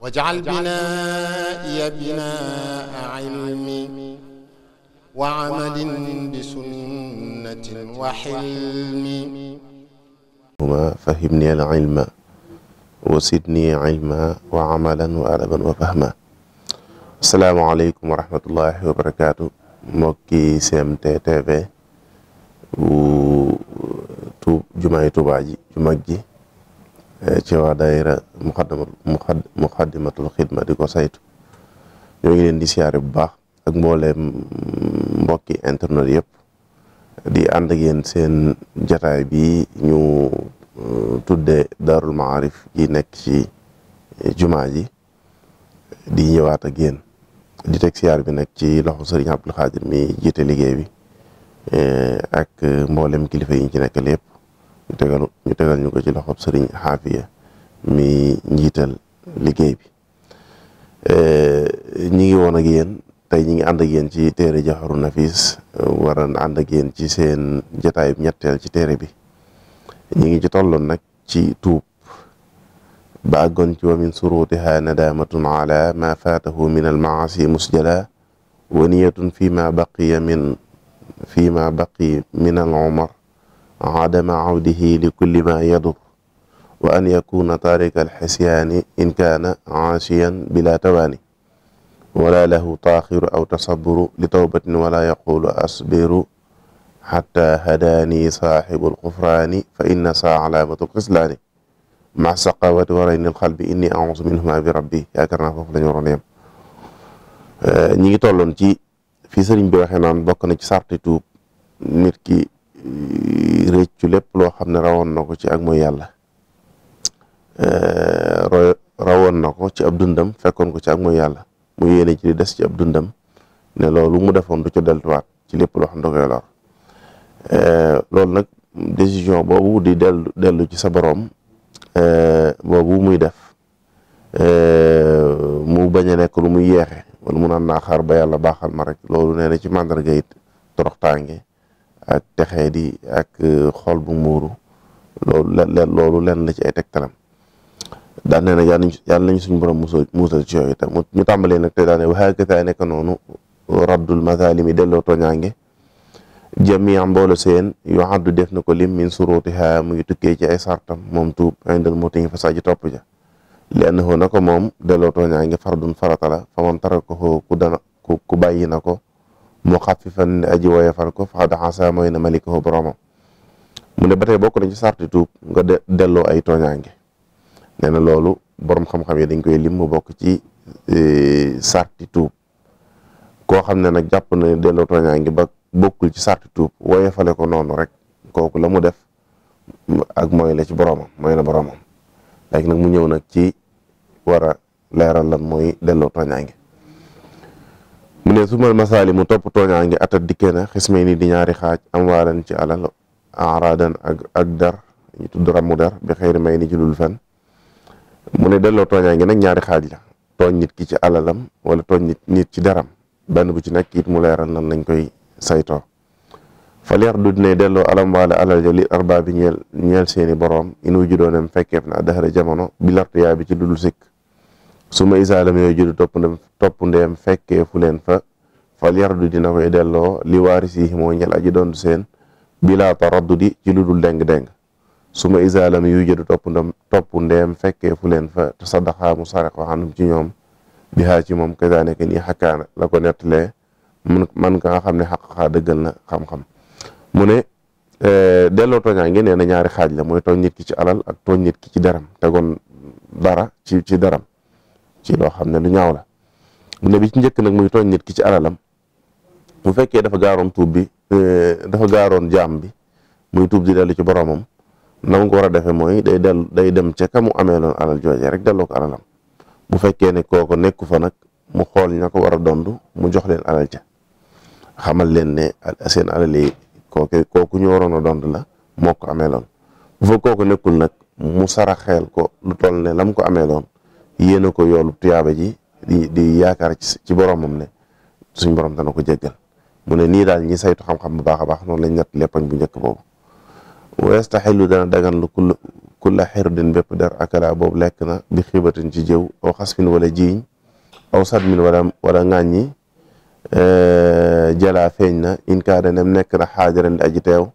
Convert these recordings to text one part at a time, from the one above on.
واجعل بنائي بناء علم وعمل بسنة وحلم هما فهمني العلم وزدني علما وعملا وأدبا وفهما السلام عليكم ورحمة الله وبركاته mbokki GMT TV bu tu jumaay Tuubaa ji ju mag ji ci waa daayira muqaddimatul xidma di ko saytu ñoo ngi leen di siyaare bu baax ak mbooleem mbokki internet yëpp di ànd ak seen jataay bi ñu euh, tuddee daarul maarif gi nekk ci jumaa ji di ñëwaat ak yéen di teg siyaar bi nag ci loxo sëriñ Abdul Xaadir mi jiite liggéey bi eh, ak mboolem kilifa yi ñu ci nekkal yëpp ñu tegal ñu tegal ko ci loxob sëriñ xaafiya mi njiital liggéey bi eh, ñi ngi woon ak yéen tey ñi ngi ànd ak yéen ci téere Jawharu Nafis waran ànd ak yéen ci seen jotaay ñetteel ci téere bi ñi ngi ci tolloon nag ci tuub ba ci wa min surutiha nadamatun ala ma faatahu min almaasi musjala wa niyatun fi ma baqiya min fi baqi min al adama awdihi li kulli ma yadur wa an yakuna taarika alxisyaani in kaana aasiyan bila tawaani wala lahu taaxiru aw tasaburu li tawbatin wala yaqulu asbiru xatta hadaani saaxibu alxufraani fa inna saa alaamatu alxislaani ma saqawati wa rayni alxalbi inni ausu minhuma bi rabbi yaakaar naa foofu la ñu waroon yem ñi ngi tolloon ci fii sëriñ bi waxee naan bokk na ci sarti tuub nit ki réccu lépp loo xam ne rawoon na ko ci ak mooy yàlla eh, rawoon na ko ci ab dundam fekkoon ko ci ak mooy yàlla mu yéene ci des ci ab dundam ne loolu mu defoon du ca deltuwaat ci lépp loo xam da koy lor eh, loolu nag décision boobu di dellu dellu ci sa boroom eh, boobu muy def mu bañ a nekk lu muy yeexe wala mu naan naa xaar ba yàlla baaxal ma rek loolu nee na ci màndarga it toroxtaange ak texee di ak euh, xol bu muuru loolu leen loolu leen la ci ay tegtalam daan nee na yàlla nañ suñ borom musal musal ci yooyu tam ñu tàmbalee nag te daane waxaakasa nekk noonu raddul masalimi delloo tooñaange jamiam mboolo seen yu addu def na ko lim min surutiha mu ngi tukkee ci ay sartam moom tuub indal mootiñi fa saji topp ja lenn hoo na ko moom delloo tooñaange fardun faratala fa man tara ko ku dana ku bàyyi na ko muxaffifan aji woyefal ko fa xad xasa mooy na malikahu boromam mu ne ba tey bokk na ci sarti tuub nga delloo ay tooñaange nee na loolu borom xam-xam yi dañ koy lim mu bokk ci e, sarti tuub koo xam ne nag jàpp na delloo tooñaange ba bokkul ci sarti tuub woyefale ko noonu rek kooku la mu def ak mooy la ci boromam mooy na boromam léegi nag mu ñëw nag ci war a leeral lan mooy delloo tooñaange mu ne sumal masaali mu topp tooñaa ngi atat dikkee na xismay ni di ñaari xaaj am waalan ci alal aradan ak ak dar ñu tudd ramu dar bi xëyri may ni ci lul mu ne delloo ngi nag ñaari xaaj la tooñ nit ki ci wala tooñ nit ci daram benn bu ci nekk it mu leeral nan lañ koy saytoo faleex du ne dello alam waale alal ja li arbaa bi ñeel ñeel seeni boroom inu ju doonem fekkeef na dahara jamono bi lartu yaa ci dudul sikk su ma isaa lam yooyu judu topp ndem topp ndeem fekkee fu leen fa fal yardu dina koy delloo li waaris yi moo ñel aji doon seen bilaa di ci lu dul deng-deng su ma lam yu judu topp ndem topp ndeem fekkee fu leen fa te sadaxaa mu sarax waxanum ci ñoom bi xaa ci moom kazaaneke ni xakkaana la ko nettalee man ka nga xam ne xaqaxaa dëggal na xam-xam mu ne eh, delloo tooñaa ngi nee ñaari xaaj la mooy tooñ nit ki ci alal ak tooñ nit ki ci daram tegoon dara ci ci daram ci loo xam ne lu ñaaw nebi ci njëkk nag muy tooñ nit ki ci alalam bu fekkee dafa gaaroon tuub bi euh, dafa gaaroon jaam bi muy tuub di dellu ci boromam na mu ko war a defee mooy day dellu day dem ca ka mu amee loon alal jooje rek delloo ko alalam bu fekkee ne kooko nekku fa nag mu xool ña ko war a dond mu jox leen alal ca xamal leen ne seen alal yi kooku kooku ñu waroon a dond la moo ko amee loon bu kooku nekkul nag mu saraxeel ko lu tol ne lam ko amee loon yéena ko yoolu tuyaaba ji di di yaakaar ci boromam ne suñ borom dana ko jéggal mu ne nii daal ñi saytu xam-xam bu baax a baax noonu la ñett leppañ bu njëkk boobu wa yastaxilu dana dagan lu kull kulla xirdin bépp der akala boobu lekk na bi xibatin ci jëw aw xasmin wala jiiñ aw sadmin wala wala ŋàññi e, jala feeñ na in kaada nem nekk na xaajaran di aji teew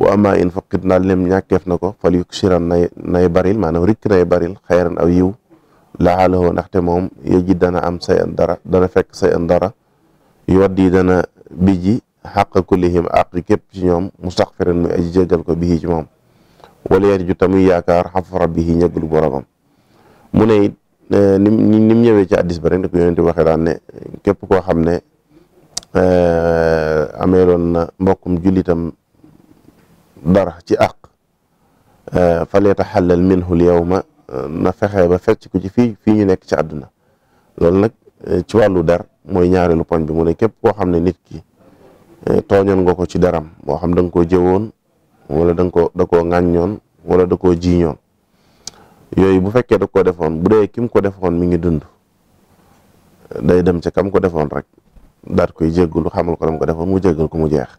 wa ama in faqit na lem ñàkkeef na ko fal yuk siran nay nay baril maanaam rikk nay baril xayran aw yiw laxaalawoo ndaxte moom yejji dana am say an dara dana fekk say an dara yodd yi dana bijji xàq kullihim àq képp ci ñoom mustaxfiran muy aji jéggal ko bihi ci moom wala yarju tamuy yaakaar xafara bihi ñëggul boromam mu ne it nim ni mu ñëwee ci addis ba rek ne ko yonente waxee ne képp koo xam ne e, ameeloon na mbokkum jullitam dara ci àq e, faletaxallal minhu l yawma na fexe ba fecc ku ci fii fii ñu nekk ci àdduna loolu nag eh, ci wàllu der mooy ñaareelu poñ bi mu ne képp koo xam ne nit ki eh, tooñoon nga ko ci daram moo xam da nga koo jëwoon wala da nga ko da koo ŋàññoon wala da koo jiiñoon yooyu bu fekkee dag koo defoon bu dee kim ko defoon mi ngi dund day dem ca kam ko defoon rek daat koy jéggulu xamal ko lam ko defoon mu jéggal ko mu jeex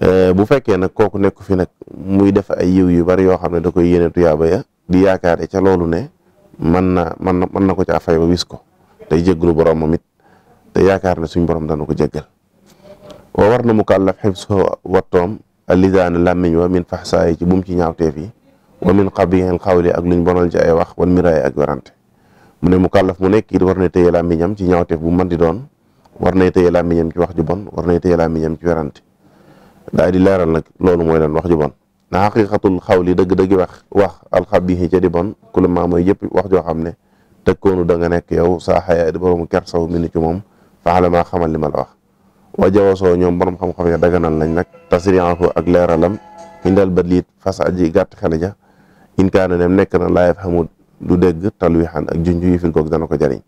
eh, bu fekkee nag kooku nekk fi nag muy def ay yiw yu bari yoo xam ne da koy yéene tuyaaba ya di yaakaare ca loolu ne mën na mën na mën na ko caa fay ba wis ko day jégalu borom moom it te yaakaar ne suñ borom dana ko jéggal wa war na mukallaf xibsu wattoom alisaan làmmiñ wa min faxsaayi ci bum ci ñaawteef yi wa min qabihil xawli ak luñ bonal ci ay wax wal miraay ak werante mu ne mukallaf mu nekk it war na téye làmmiñam ci ñaawteef bu man di doon war nay téye làmmiñam ci wax ju bon war nay téye làmmiñam ci werante daal di leeral nag loolu mooy lan wax ju bon na xaqiqatul xawli dëgg-dëgg wax wax alxabihi ca di bon kula maa mooy yëpp wax joo xam ne tëkkoonu da nga nekk yow saa xayaa di boroomu kersaw mi ni ci moom faxala maa xamal li ma la wax wa jawasoo ñoom borom xam-xam ya daganal lañ nag tasrianhu ak leeralam indal ba liit fas aji gàtt xel ja in kaana nem nekk na laayef xamul du dégg talwixaan ak junj yu fil goog dana ko jariñ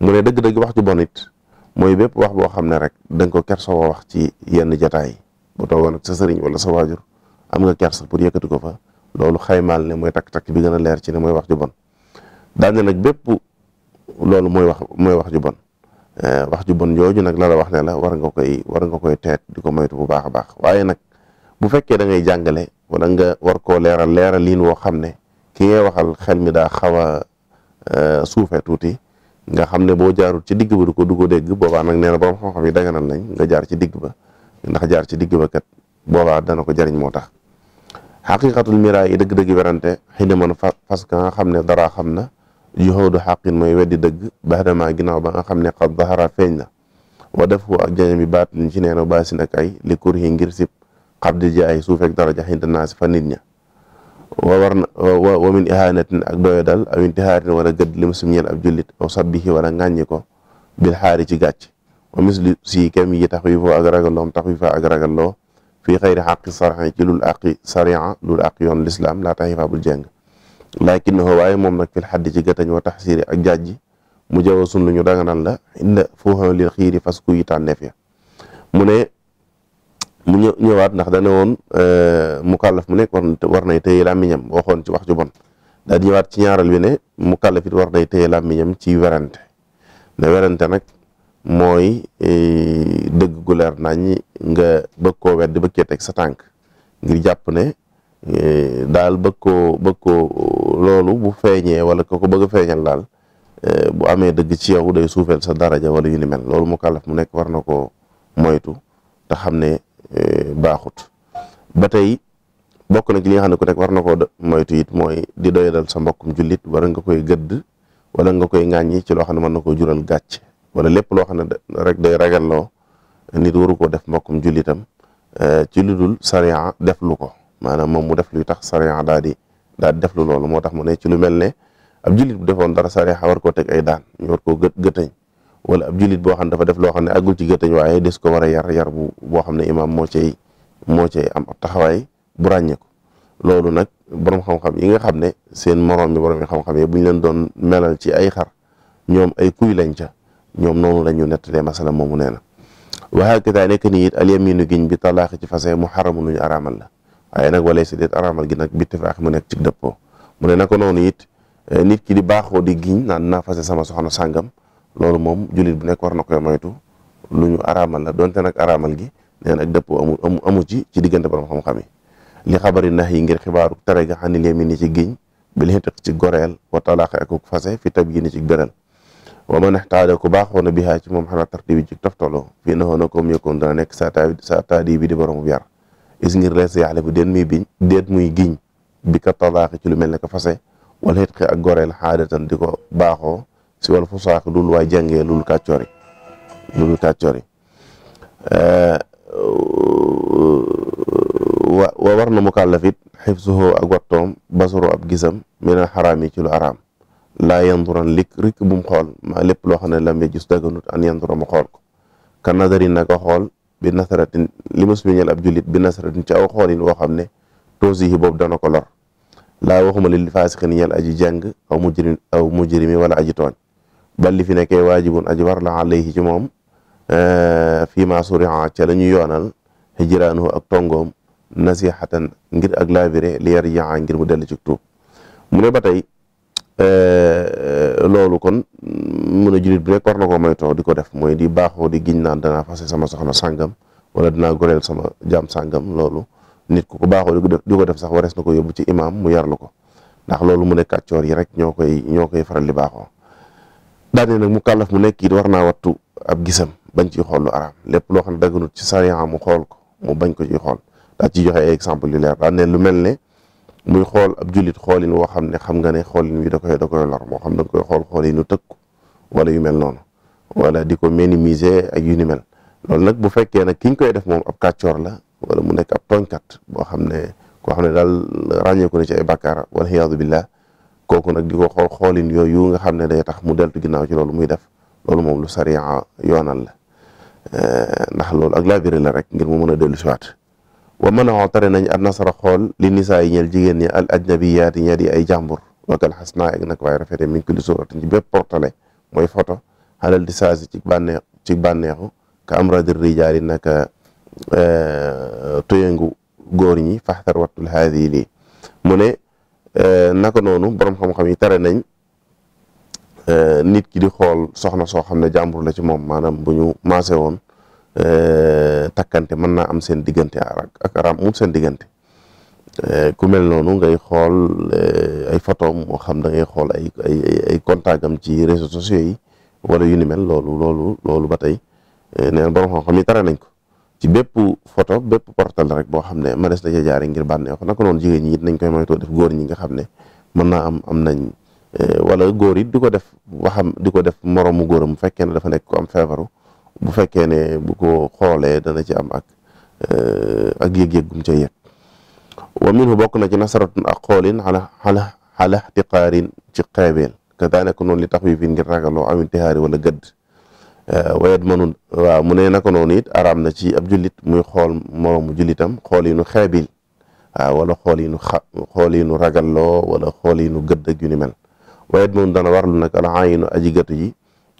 mu ne dëgg-dëgg wax ju bon it mooy bépp wax boo xam ne rek da nga ko kersawoo wax ci yenn jataay bu toogoon ak sa sëriñ wala sa waajur am nga kersa pour yëkkati ko fa loolu xaymaal ne mooy takk-takk bi gën a leer ci ne mooy wax ju bon daal ne nag bépp loolu mooy wax mooy wax ju bon eh, wax ju bon jooju nag la la wax ne la war nga koy war nga koy teet di ko moytu bu baax a baax waaye nag bu fekkee dangay ngay jàngale wala nga war koo leeral leeral liin woo xam ne ki ngay waxal xel mi daa xaw a eh, suufee tuuti nga xam ne boo jaarul ci digg ba du ko du dégg boobaa nag nee na borom xam-xam yi daganal nañ nga jaar ci digg ba ndax jaar ci digg ba kat boobaa dana ko jariñ moo tax xaqiqatul miraay yi dëgg-dëgg werante xëy na man parce que nga xam ne dara xam na juhoodu xaqin mooy weddi dëgg baxdamaa ginnaaw ba nga xam ne xad zahara feeñ na wa def ak jañe bi baat liñ ci neena baasin ak ay li kur yi ngir sib xab di jaay suufeek daraja xinda naas fa nit ña wa war na wa min ihaanatin ak doyo dal aw intihaarin wala gëdd li muslim ñeel ab jullit aw sabbihi wala ŋàññi ko bil xaari ci gàcc wa misli si kem yi taxwiifa ak ragalloo taxwiifa ak loo fii xayri xaqi sarxin ci lul aqi sarian lul aqi yoon lislaam laa tax ifaabul jeng lakinnahu waaye moom nag fil xaddi ci gëtañ wa taxsiiri ak jajji mu jawa sun lu ñu danga nan la inda foofa lil xiiri fas ku yi tànneef ya mu ne mu ñëwaat ndax dane woon e, mukallaf mu nekk war nay téye làmmiñam waxoon ci wax ju bon daal di ñëwaat ci ñaaral bi ne mukallaf it war nay téye làmmiñam ci werante ne werante nag mooy e, dëgg gu leer nañ nga bëgg koo weddi bëgg cee teg sa tànk ngir jàpp ne e, daal bëgg koo bëgg koo loolu bu feeñee wala ko ko bëgg a feeñal daal e, bu amee dëgg ci yow day suufeel sa daraja wala yu ni mel loolu mu kàllaf mu nekk war na koo moytu te xam ne baaxut ba tey bokk na li nga xam ne ko nekk war na koo moytu it mooy di doyadal sa mbokkum jullit wala nga koy gëdd wala nga koy ŋàññi ci loo xam ne mën na koo jural gàcc wala lépp loo xam ne rek day loo nit waru ko def mbokkum jullitam eh, ci lu dul sariya def lu ko maanaam moom mu def luy tax sariya daal di daal def lu loolu moo tax mu ne ci lu mel ne ab jullit bu defoon dara sariya war koo teg ay daan ñu war koo gë gëtañ wala ab jullit boo xam ne dafa def loo xam ne àggul ci gëtañ waaye des ko war a yar yar bu boo xam ne imaam moo cay moo cay am ab taxawaay bu ràññeeku loolu nag borom xam-xam yi nga xam ne seen morom mi borom yi xam-xam yi bu ñu leen doon melal ci ay xar ñoom ay kuy lañ ca ñoom noonu la ñu nettalee masala moomu nee na waxaa kitaay nekk nii it al yaminu giñ bi talaaxi ci fase mu xaramu lu araamal la waaye nag wala araamal gi nag bi tifaax mu nekk ci dëppoo mu ne naka it eh, nit ki di baaxoo di giñ naan naa fase sama soxna sàngam loolu moom jullit bu nekk na koy moytu lu ñu araamal la donte nag araamal gi nee na ak dëppoo amu amu ci ci diggante borom xam-xam yi li xabari nax yi ngir xibaaru tere ga xanil yamin ni ci giñ bi leen ci goreel wa talaaxi akuk fase fi tab yi ni ci beral wa man ixtaada ku baaxoo na bihaa ci moom xanaa tarti bi ci toftalo fii na xoon na comme yëkkoon dana nekk sa taadi sa bi di borom yar is ngir lay sa yaxle bu den muy biñ déet giñ bi talaaxi ci lu mel ne ko fase wala xit ak goreel xaadatan di ko baaxoo si wala fu saaxi lul waay jàngee lul kàccoori wa war na mukallafit xifsuhu ak wattoom basaru ab gisam min al xaraam yi ci lu araam laa yanduran lik rikk bu mu xool ma lépp loo xam ne lam ya gis daganut an yandura mu xool ko ka nazari naka xool bi nasaratin li mu suñeel ab jullit bi nasaratin ci aw xoolin woo xam ne toosi yi boobu dana ko lor laa waxuma lil faasiqin ñeel aji jàng aw mujrim aw mujrimi wala aji tooñ bal li fi nekkee waajibun aji war la alayhi ci moom eh, fii maa suriha ca la ñu yoonal hijraanu ak tongoom nasihatan ngir ak laabire li yarjaa ngir mu dellu ci tuub mu ne ba tey Euh, euh, loolu kon mun a jullit bi rek war na koo moytoo di ko def mooy di baaxoo di giñ naan danaa fase sama soxna sàngam wala dinaa goreel sama jaam sàngam loolu nit ku ko baaxoo di ko def sax warees na ko yóbbu ci imaam mu yar la ko ndax loolu mu ne kàccoor yi rek ñoo koy ñoo koy faral di baaxoo daane nag mu kàllaf mu nekk it war naa wattu ab gisam bañ ciy xool lu araam lépp loo xam ne daganut ci sariya mu xool ko mu bañ ko ci xool daa ci joxe ay exemple yu leer daan lu mel ne muy xool ab jullit xoolin woo xam ne xam nga ne xoolin wi da koy da koy lor moo xam da koy xool xoolinu tëkku wala yu mel noonu wala di ko minimiser ak yu loolu nag bu fekkee nag ki ñu koy def moom ab kàccoor la wala mu nekk ab tooñkat boo xam ne koo ne daal ràññeeku na ci ay bàkkaar wala iyaazu billah kooku nag di ko xool xoolin yooyu nga xam ne day tax mu deltu ginnaaw ci loolu muy def loolu moom lu sariya yoonal la eh, ndax loolu ak laabire la rek ngir mu mën a dellu siwaat wa mënaxoo tare nañ an nasara xool li nisaa yi ñeel jigéen ñi al ajnabiyaati ña di ay jàmbur wakal xas naa ak nag waaye rafete min kulli suuratin ci bépp portale mooy photo xalal di saasi ci bànneex ci bànneexu ka am radir rijaali naka eh, tuyangu góor ñi faxtar wattul haadi lii mu ne eh, naka noonu borom xam-xam yi tare nañ eh, nit ki di xool soxna soo xam ne jàmbur la ci moom maanaam bu ñu maase woon Euh, takkante mën naa am seen diggante ak araam mu seen diggante euh, ku mel noonu ngay xool euh, ay photo moo xam da ngay xool ay ay ay contact am ci réseaux sociaux yi wala yu ni mel loolu loolu loolu ba tey neen borom xam-xam yi tere nañ ko ci bépp photo bépp portal rek boo xam ne ma des na ca jaare ngir bànneexu naka noonu jigéen ñi it nañ koy moytoo def góor ñi nga xam ne mën naa am am nañ wala góor it di ko def waxam di ko def moromu góoram bu fekkee ne dafa nekk ko am feebaru bu fekkee ne bu ko xoolee dana ci am ak euh, ak yëg-yëg gum ca yëg wa minhu bokk na ci nasaratun ak xoolin ala ala ala ihtiqaarin ci xeebeel ka daanaka noonu li tax wi fi ngir ragaloo am intihaari wala gëdd wayet manun waaw mu ne naka noonu it araam na ci ab jullit muy xool moroomu jullitam xool yi nu xeebil waaw wala xool yi nu xa xool yi nu ragalloo wala xool yi nu gëdd ak yu ni mel wayet manun dana warlu nag ala aayinu aji gëtu ji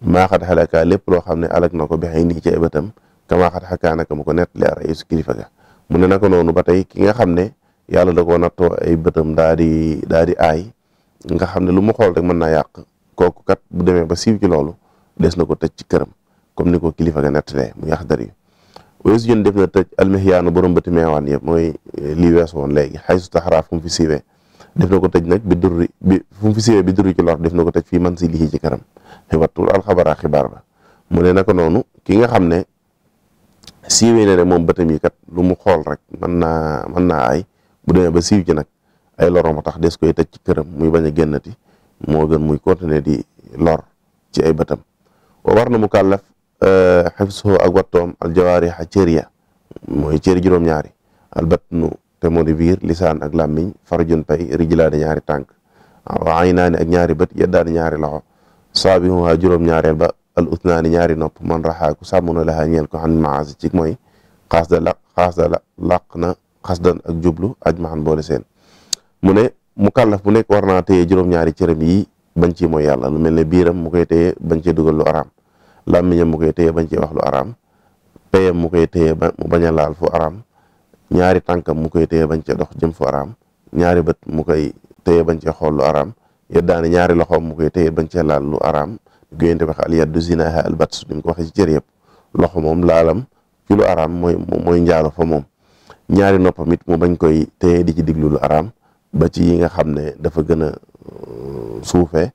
maaxat xalakaa lépp loo xam ne alak na ko bexey nii ci ay bëtam kamaaxat xakaanaka mu ko nettali araisu kilifa ga mu ne naka noonu ba tey ki nga xam ne yàlla da koo nattoo ay bëtam daa di daa di aay nga xam ne lu mu xool rek mën naa yàq kooku kat bu demee ba siiw ci loolu des na ko tëj ci këram comme ni ko kilifa ga nettalee mu yàq dar yi weesu jën def na tëj almihyaanu borom bëti meewaan yëpp mooy eh, lii weesu woon léegi xaysu taxaraaf mu fi siiwee def na ko tëj nag bi durri bi fu mu fi siwee bi durri ci lor def na ko tëj fii man si lii ci kanam xibatul alxabara xibaar ba mu ne naka noonu ki nga xam ne siiwee ne ne moom bëtam yi kat lu mu xool rek mën naa mën naa ay bu demee ba siiw ji nag ay loroma tax des koy tëj ci këram muy bañ a génnati moo gën muy continuer di lor ci ay bëtam wa war na mu kàllaf xifsuhu eh, ak wattoom aljawaarixa cëriya mooy cëri juróom-ñaari albatnu te moo di biir lisaan ak làmmiñ farjun pay rijlaani ñaari tànk wa aynaani ak ñaari bët yeddaani ñaari loxo saabihuha juróom-ñaareel ba al utnaani ñaari nopp man raxaa ku sàmmuna laxaa ñeel ko xan maasi ci mooy xaas da laq xaas da laq na xas dan ak jublu aj maxan boole seen mu ne mu kàllaf bu nekk war naa téye juróom-ñaari cëram yi bañ ci mooy yàlla lu mel ne biiram mu koy téye bañ ci dugal lu araam làmmiñam mu koy téye bañ ci wax lu araam payam mu koy téye ba mu bañ laal fu ñaari tànkam mu koy téye bañ cee dox jëm fu araam ñaari bët mu koy téye bañ cee xool lu araam yeddaani ñaari loxoom mu koy téye bañ cee laal lu araam guyente wax al yaddu zinaha al bats ni mu ko waxee ci cër yëpp loxo moom laalam ci mooy mooy njaalo fa moom ñaari noppam it bañ koy téye di ci diglu lu araam ba ci yi nga xam ne dafa gën a euh, suufee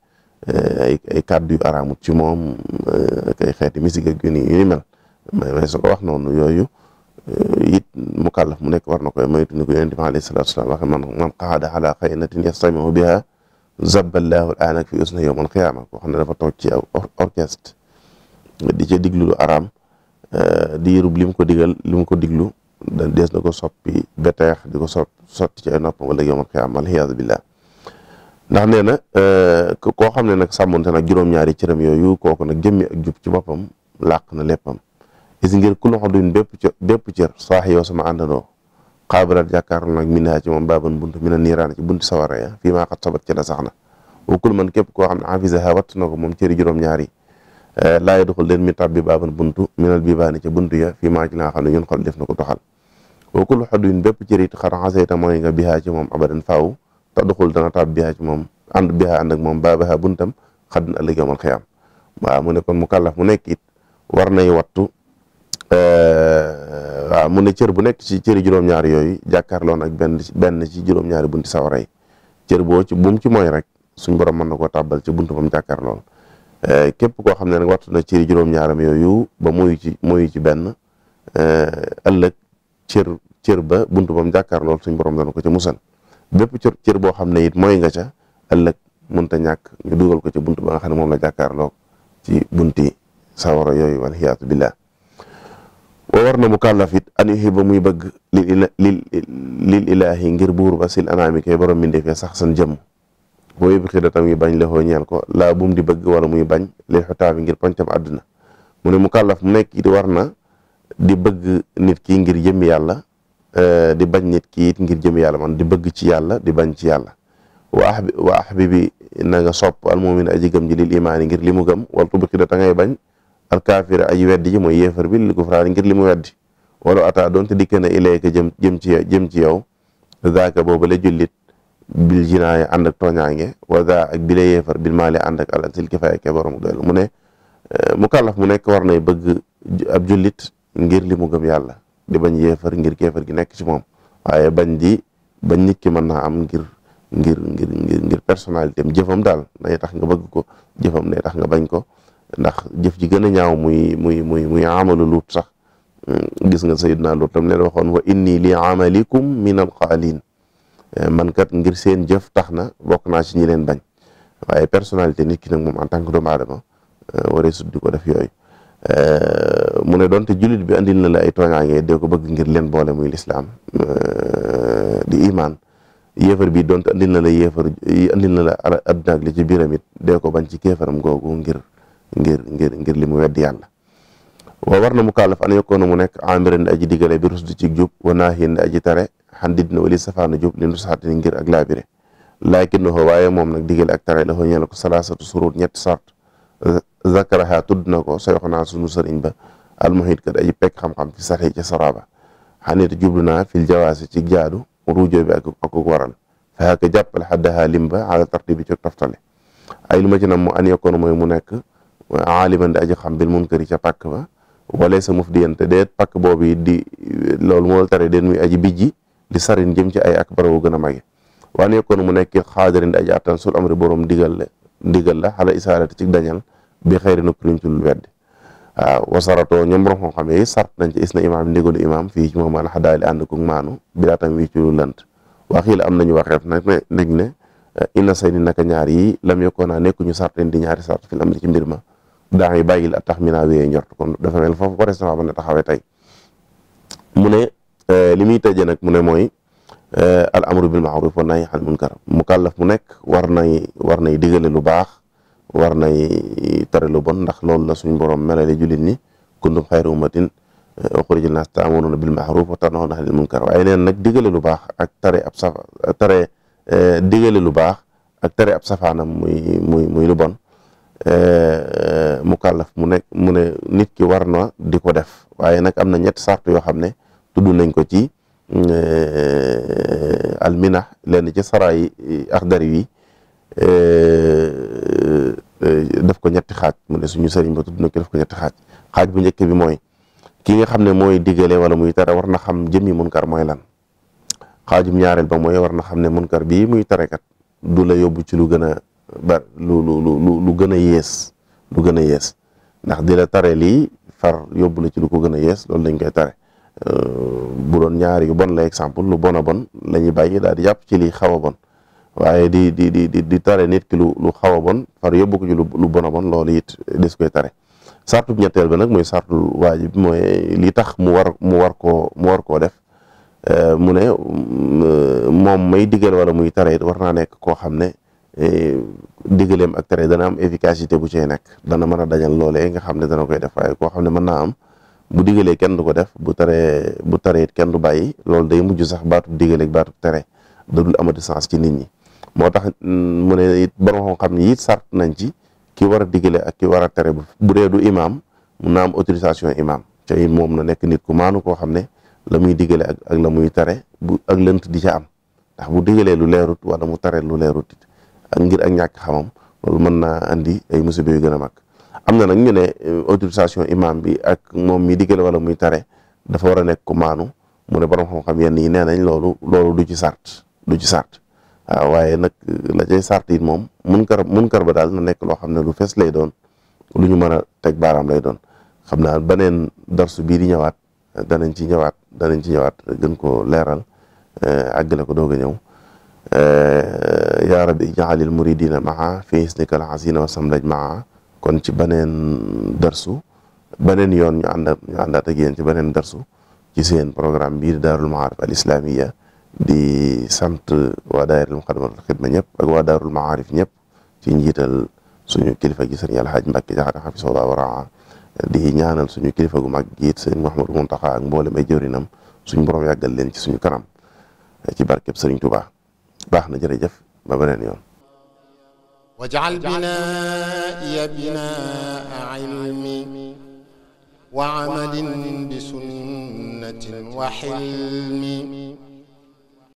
euh, ay ay kàddu yu araamut ci moom euh, ak ay xeeti misik ak yu ni mel mais su wax noonu yooyu Euh, it mukallaf mu nekk war na koy moytu ni ko yonent bi alayhi salaatu wasalaam waxe man man qaada ala xaynatin yastamiu biha zaballaahu aanak fi usna yowmal qiyaama koo xam ne dafa toog ci aw di ca diglu lu araam euh, diirub lim ko digal lim ko diglu da dees na ko soppi beteex di ko sot sotti ci ay noppam wala yowmal qiyaama alhiyaazu billah ndax nee na euh, koo xam ne nag sàmmonte nag juróom-ñaari cëram yooyu kooku nag jëmmi ak jub ci boppam làq na léppam is ngir ku loxo duñ bépp cë bépp cër saax yow sama àndandoo xaabalat jàkkaarloo nag min ci moom baaban buntu mina niiraan ci buntu sawara ya fii maa sabat ci la sax na man képp koo xam ne hafisaha watt na ko moom cëri juróom-ñaar yi eh, laa yadxul leen mi tàbbi baaban buntu minal bibaani ca buntu ya fii maa ci la nga xam ne ñun xol def na ko doxal wakul xaduñ bépp cër it xar xasayta mooy nga bihaa ci moom abadan faaw tadxul dana tàbbi bihaa ci moom ànd bihaa ànd ak moom baabaha buntam xaddin ëllëg mu ne kon mu kàllaf mu nekk Euh, waaw mu ne cër bu nekk ci cëri juróom-ñaar yooyu jàkkaarloon ak benn benn ci juróom-ñaari bunti sawara yi cër boo ci bu ci mooy rek suñ borom mën na koo tàbbal ci buntu ba mu euh, képp koo xam ne nag wattu na cëri juróom-ñaaram yooyu ba muyu ci muyu ci benn euh, ëllëg cër cër ba buntu ba mu jàkkaarlool suñ borom dana ko ci musal bépp cër cër boo xam ne it mooy nga ca ëllëg mun mënta ñàkk ñu dugal ko ci bunt ba nga xam ne moom la jàkkaarloo ci bunti sawara yooyu wal xiyaatu billah wa war na mu kàllaf it an yuhiba muy bëgg lil lil lil ilaahi ngir buur ba sil anaami kay borom mindee fee sax san jëmm boo yëpp xida tam yi bañ la xoo ñeel ko laa bum di bëgg wala muy bañ lil xutaami ngir poñtam àdduna mu ne mu kàllaf mu nekk it war na di bëgg nit ki ngir jëm yàlla eh, di bañ nit ki it ngir jëm yàlla man di bëgg ci yàlla di bañ ci yàlla wa ahbi wa ahbibi na nga sopp almumin aji gëm ji lil imaani ngir li mu gëm wala tubi xida ta ngay bañ alkaafir aji weddi ji mooy yéefar bi li kufraan ngir li mu weddi wala ata doonte dikke na a jëm jëm ci jëm ci yow zaaka boobu la jullit bil jinaaya ànd ak tooñaange wada ak bi la yéefar bil maali ànd ak alal sil kifaaya borom doyal mu ne eh, mu kàllaf mu nekk war nay bëgg ab jullit ngir limu mu gëm yàlla di bañ yéefar ngir kéefar gi nekk ci moom waaye bañ di bañ nit ki mën naa am ngir ngir ngir ngir ngir personnalité am jëfam daal day tax nga bëgg ko jëfam day tax nga bañ ko ndax jëf ji gën a ñaaw muy muy muy muy amalu luut sax mm, gis nga sayidna luut tam leen waxoon wa inni li amalikum min alqaalin eh, man kat ngir seen jëf tax na bokk naa ci ñi leen bañ waaye personnalité nit ki nag moom en tant que doomu aadama eh, waree sut di ko def yooyu eh, mu ne doonte jullit bi andil na la ay tooñaange dee ko bëgg ngir leen boole muy lislaam di iman yéefar bi doonte andil na la yéefar andil na la adduna li ci biiram it dee ko bañ ci kéefaram googu ngir ngir ngir ngir li mu yàlla wa war na mu kàllaf an yokkoonu mu nekk amiran aji digale bi rusdu ci jub wa naahiyan aji tare xandid na wali safaanu jub li nu saxaatini ngir ak laabire laakin na waaye moom nag digale ak tare la ko ñeel ko salaasatu surut ñetti sart zakaraha tudd na ko sooy xonaa sunu sëriñ ba almuhit kat aji pekk xam-xam fi saxi ca saraba xanit jublu naa fil jawaasi ci jaadu ruujoo bi ak ak waral fexe ko jàppale xaddaha limba ala tartibi ci toftale ay mu nekk aaliman di aji xam bil munkari ca pàkk ba wala sa mufdiyan te deet pàkk boobu di loolu moo tare den muy aji bijji di sarin jëm ci ay akbar wu gën a mage waan yokkoon mu nekk xaadirin di aji attan sul amri borom digal la digal la xala isaalati ci dañal bi xëyri na kuréel ci lu wedd waaw wasaratoo ñoom borom xam-xam yi sart nañ ci is na imaam imaam fii ci moom maanaam daal di ànd koog maanu bi daa tam wii ci wax yi la am nañu waxeef nag ne nag ne inna say ni naka ñaar lam yokkoon nekkuñu sart leen di ñaari sart fi am ci mbir ma daax yi bàyyil a tax mi naa wéyee njort kon dafa mel foofu warees na faa mën a taxawee tey mu ne euh, li muy tëjee nag mu ne mooy euh, al amru bil maaruf wa nahi an munkar mu kàllaf mu nekk war nay war nay digale lu baax war nay tere lu bon ndax lool la suñ borom melale jullit ñi kuntum xayra ummatin euh, uxrijat linnaas ta'muruna bil maaruf wa tanhawna anil munkar waaye neen nag digale lu baax ak tere ab safa tere digale lu baax ak tere ab safaanam muy muy muy lu bon Euh, mukallaf mu nekk mu ne nit ki war na di ko def waaye nag am na ñett sart yoo xam ne tudd nañ ko ci euh, alminah lenn ci saraay axdari yi euh, daf ko ñetti xaaj mu ne suñu sëriñ ba tudd na ki daf ko ñetti xaaj xaaj bu njëkk bi mooy ki nga xam ne mooy digale wala muy tere war na xam jëmmi munkar mooy lan xaajum ñaareel ba mooy war na xam ne munkar bii muy terekat du la yóbbu ci lu gën a ba lu lu lu lu gën a yees lu gën a yees ndax di tare lii far yóbbu la ci lu ko gën a yees loolu lañ koy tare euh, bu doon ñaari yu bon la exemple lu bon a bon lañuy bàyyi daal di jàpp ci lii xaw a bon waaye di di di di tare nit ki lu lu xaw a bon far yóbbu ko ci lu bon a bon loolu it des koy tare sartu ñetteel ba nag mooy sartu waajib mooy li tax mu war mu war koo mu war koo def euh, mu ne euh, moom may digal wala muy tare war naa nekk koo xam ne Eh, digaleem ak tere dana am efficacité bu cee nekk dana mën a dajal loolee nga xam ne dana koy def waaye koo xam ne mën naa am bu digalee kenn du ko def bu taree bu taree kenn du bàyyi loolu day mujj sax baatub digale ak baatub tere dadul ci nit ñi moo tax mm, mu ne it borom xam-xam yi it sart nañ ci ki war a digale ak ki war a tere bu dee du imaam mun naa am autorisation imaam ca moom na nekk nit ku maanu koo xam ne la muy digale ak ak la muy tere bu ak lënt di ca am ndax bu digalee lu leerut wala mu tare lu leerut ak ngir ak ñàkk xamam loolu mën na andi ay musiba yu gën a mag am na nag ñu ne euh, autorisation imam bi ak moom mi diggale wala muy tare dafa war a nekk ku maanu mu ne borom xam-xam yenn yi nee nañ loolu loolu du ci sart du ci sart waaw ah, waaye nag euh, la cay sart yi moom mun kar mun kar ba daal na nekk loo xam ne lu fees lay doon lu ñu mën a teg baaraam lay doon xam naa beneen darsu bii di ñëwaat danañ ci ñëwaat danañ ci ñëwaat gën ko leeral euh, àggale ko doog a ñëw yaa rabbi ijaalil muridina maa fi hisnikal azina wa samlaj ma kon ci beneen darsu beneen yoon ñu ànda ñu àndaat ak yéen ci beneen darsu ci seen programme bii di daarul maarif al islamiya di sant waa daayiratul muqaddamatul xidma ñëpp ak waa daarul maarif ñëpp ci njiital suñu kilifa gi sëriñ Alhaaj Mbàkke Jaxate xafisahullah wa raa di ñaanal suñu kilifa gu mag giit sëriñ Mouhamadou Muntaxa ak mboolem ay jëwrinam suñu borom yàggal leen ci suñu kanam ci barkeb sëriñ Tuubaa baax na jërëjëf ba beneen yoon waj'al binaa'iya binaa'a ilmi wa amalin bi sunnatin wa hilmi